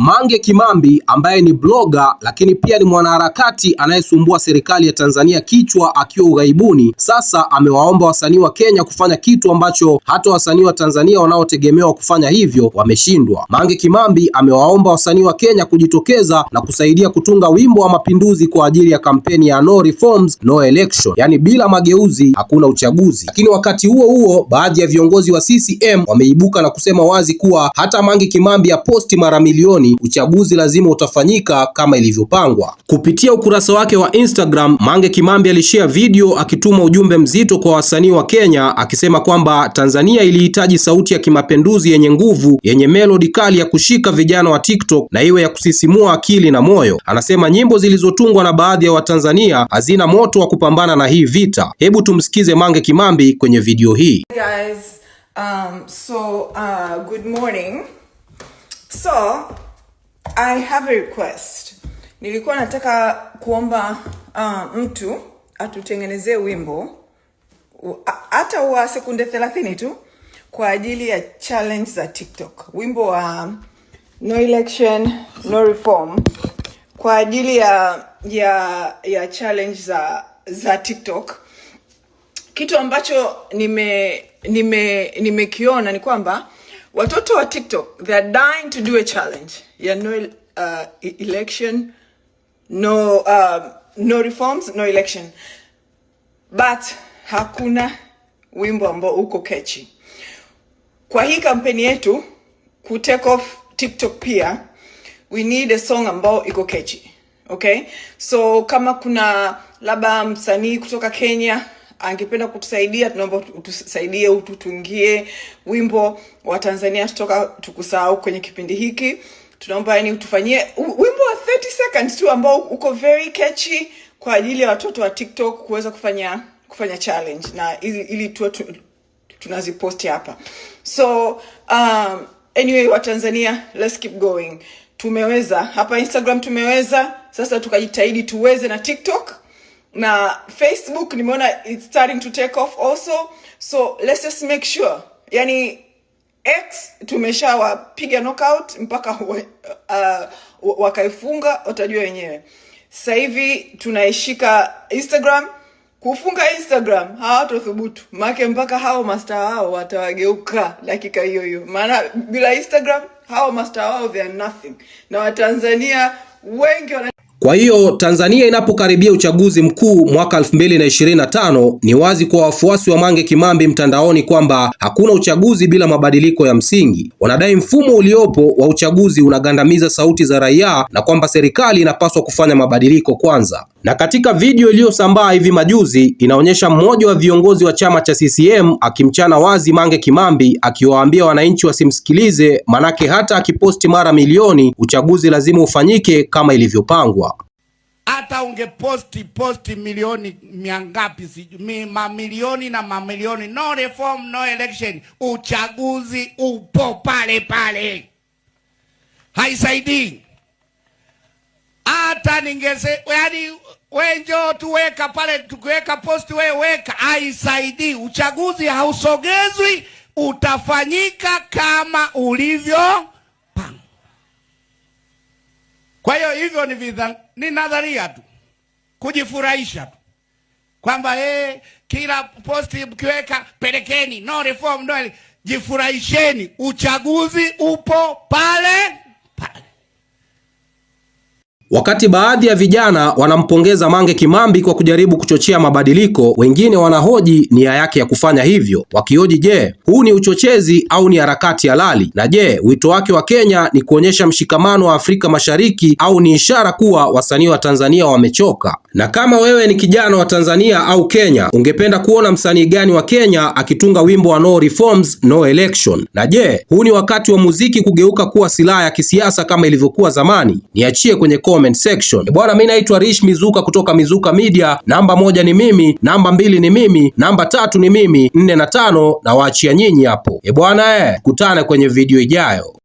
Mange Kimambi ambaye ni bloga lakini pia ni mwanaharakati anayesumbua serikali ya Tanzania kichwa akiwa ughaibuni, sasa amewaomba wasanii wa Kenya kufanya kitu ambacho hata wasanii wa Tanzania wanaotegemewa kufanya hivyo wameshindwa. Mange Kimambi amewaomba wasanii wa Kenya kujitokeza na kusaidia kutunga wimbo wa mapinduzi kwa ajili ya kampeni ya no reforms no election, yaani bila mageuzi hakuna uchaguzi. Lakini wakati huo huo, baadhi ya viongozi wa CCM wameibuka na kusema wazi kuwa hata Mange Kimambi aposti mara milioni Magufuli, uchaguzi lazima utafanyika kama ilivyopangwa. Kupitia ukurasa wake wa Instagram, Mange Kimambi alishare video akituma ujumbe mzito kwa wasanii wa Kenya akisema kwamba Tanzania ilihitaji sauti ya kimapinduzi yenye nguvu, yenye melodi kali ya kushika vijana wa TikTok na iwe ya kusisimua akili na moyo. Anasema nyimbo zilizotungwa na baadhi ya Watanzania hazina moto wa kupambana na hii vita. Hebu tumsikize Mange Kimambi kwenye video hii. Hey guys, um, so, uh, good morning. So I have a request. Nilikuwa nataka kuomba uh, mtu atutengenezee wimbo hata wa sekunde 30 tu kwa ajili ya challenge za TikTok, wimbo wa um, no election no reform kwa ajili ya ya ya challenge za za TikTok. Kitu ambacho nime nime nimekiona ni kwamba Watoto wa TikTok, they are dying to do a challenge ya no uh, e-, election no uh, no reforms no election, but hakuna wimbo ambao uko kechi. Kwa hii kampeni yetu ku take off TikTok pia we need a song ambao iko kechi. Okay, so kama kuna labda msanii kutoka Kenya angependa kutusaidia, tunaomba utusaidie, ututungie wimbo wa Tanzania tutoka tukusahau kwenye kipindi hiki. Tunaomba yani utufanyie wimbo wa 30 seconds tu ambao uko very catchy kwa ajili ya watoto wa TikTok kuweza kufanya kufanya challenge na ili, ili tuwe tu, tunaziposti hapa. So um, anyway wa Tanzania let's keep going. Tumeweza hapa Instagram, tumeweza sasa, tukajitahidi tuweze na TikTok na Facebook nimeona it's starting to take off also, so let's just make sure. Yani X tumeshawapiga knockout mpaka uh, wakaifunga, utajua wenyewe. Sasa hivi tunaishika Instagram. Kufunga Instagram hawatothubutu, make mpaka hao masta wao watawageuka dakika hiyo hiyo, maana bila Instagram hao masta wao they are nothing, na Watanzania wengi wana kwa hiyo Tanzania inapokaribia uchaguzi mkuu mwaka 2025 ni wazi kwa wafuasi wa Mange Kimambi mtandaoni kwamba hakuna uchaguzi bila mabadiliko ya msingi. Wanadai mfumo uliopo wa uchaguzi unagandamiza sauti za raia na kwamba serikali inapaswa kufanya mabadiliko kwanza. Na katika video iliyosambaa hivi majuzi inaonyesha mmoja wa viongozi wa chama cha CCM akimchana wazi Mange Kimambi akiwaambia wananchi wasimsikilize, manake hata akiposti mara milioni uchaguzi lazima ufanyike kama ilivyopangwa hata ungeposti posti milioni miangapi ngapi sijui mamilioni na mamilioni, no reform no election, uchaguzi upo pale pale, haisaidii hata ningese, yaani we njoo tuweka pale, tukiweka posti we weka, haisaidii. Uchaguzi hausogezwi, utafanyika kama ulivyo. Kwa hiyo hivyo ni vidha ni nadharia tu, kujifurahisha tu kwamba hey, eh, kila posti mkiweka pelekeni no reform no, jifurahisheni. Uchaguzi upo pale Wakati baadhi ya vijana wanampongeza Mange Kimambi kwa kujaribu kuchochea mabadiliko, wengine wanahoji nia yake ya kufanya hivyo, wakihoji je, huu ni uchochezi au ni harakati halali? Na je, wito wake wa Kenya ni kuonyesha mshikamano wa Afrika Mashariki au ni ishara kuwa wasanii wa Tanzania wamechoka? Na kama wewe ni kijana wa Tanzania au Kenya, ungependa kuona msanii gani wa Kenya akitunga wimbo wa no reforms no election? Na je, huu ni wakati wa muziki kugeuka kuwa silaha ya kisiasa kama ilivyokuwa zamani? Niachie kwenye comment section. E bwana, mimi naitwa Rish Mizuka kutoka Mizuka Media. Namba moja ni mimi, namba mbili ni mimi, namba tatu ni mimi, nne na tano na waachia nyinyi hapo. E bwana, eh, kutane kwenye video ijayo.